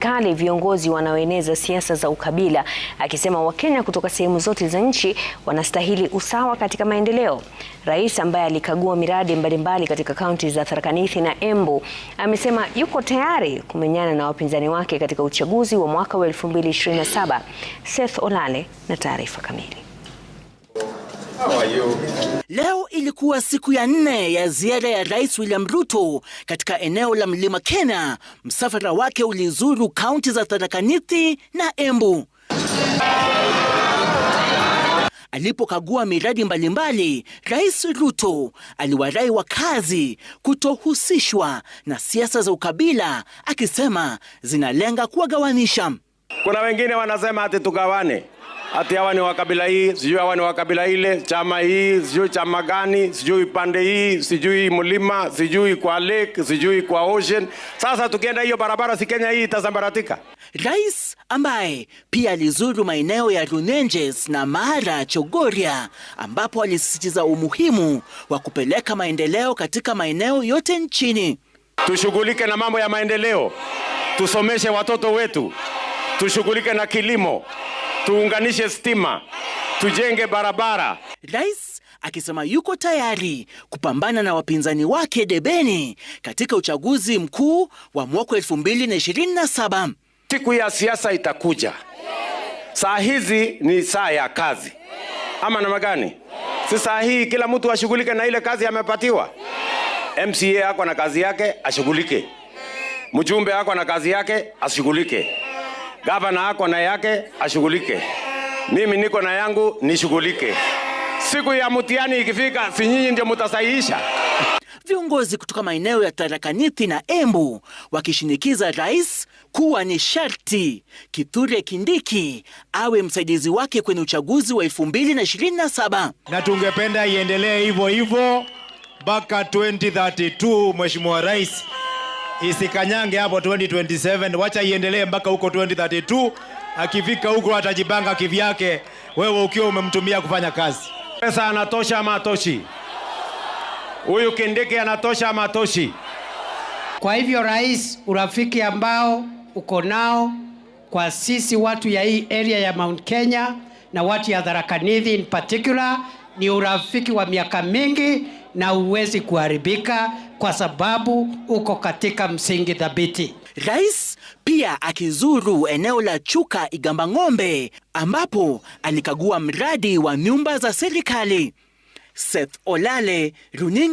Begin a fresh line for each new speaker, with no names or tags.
kali viongozi wanaoeneza siasa za ukabila, akisema Wakenya kutoka sehemu zote za nchi wanastahili usawa katika maendeleo. Rais ambaye alikagua miradi mbalimbali katika kaunti za Tharaka Nithi na Embu amesema yuko tayari kumenyana na wapinzani wake katika uchaguzi wa mwaka wa 2027. Seth Olale na taarifa kamili.
Leo ilikuwa siku ya nne ya ziara ya Rais William Ruto katika eneo la Mlima Kenya. Msafara wake ulizuru kaunti za Tharaka Nithi na Embu. Alipokagua miradi mbalimbali, Rais Ruto aliwarai wakazi kutohusishwa na siasa za ukabila, akisema zinalenga kuwagawanisha.
Kuna wengine wanasema ati tugawane ati hawa ni wakabila hii, sijui hawa ni wakabila ile, chama hii, sijui chama gani, sijui pande hii, sijui mlima, sijui kwa lake, sijui kwa ocean. Sasa tukienda hiyo barabara, si Kenya hii itasambaratika?
Rais ambaye pia alizuru maeneo ya Runenges na Mara Chogoria, ambapo alisisitiza umuhimu wa kupeleka maendeleo katika maeneo yote nchini.
Tushughulike na mambo ya maendeleo, tusomeshe watoto wetu, tushughulike na kilimo tuunganishe stima, tujenge barabara.
Rais akisema yuko tayari kupambana na wapinzani wake debeni katika uchaguzi mkuu wa mwaka 2027.
Siku ya siasa itakuja. Saa hizi ni saa ya kazi, ama namna gani? Si saa hii kila mtu ashughulike na ile kazi amepatiwa. MCA ako na kazi yake ashughulike, mjumbe ako na kazi yake ashughulike. Gavana ako na yake ashughulike, mimi niko na yangu nishughulike. Siku ya mtihani ikifika, si nyinyi ndio mtasahihisha?
Viongozi kutoka maeneo ya Tharaka Nithi na Embu wakishinikiza rais kuwa ni sharti Kithure Kindiki awe msaidizi wake kwenye uchaguzi wa 2027
na tungependa iendelee hivyo hivyo mpaka 2032, Mheshimiwa Rais isikanyange hapo 2027, wacha iendelee mpaka huko 2032. Akifika huko atajipanga kivyake, wewe ukiwa umemtumia kufanya kazi. Pesa anatosha ama atoshi? Huyu Kindiki anatosha ama atoshi?
Kwa hivyo, rais, urafiki ambao uko nao kwa sisi watu ya hii area ya Mount Kenya na watu ya tharakanithi in particular ni urafiki wa miaka mingi na huwezi kuharibika kwa sababu uko katika msingi thabiti.
Rais pia akizuru eneo la Chuka Igamba Ng'ombe ambapo alikagua mradi wa nyumba za serikali. Seth Olale, Runinga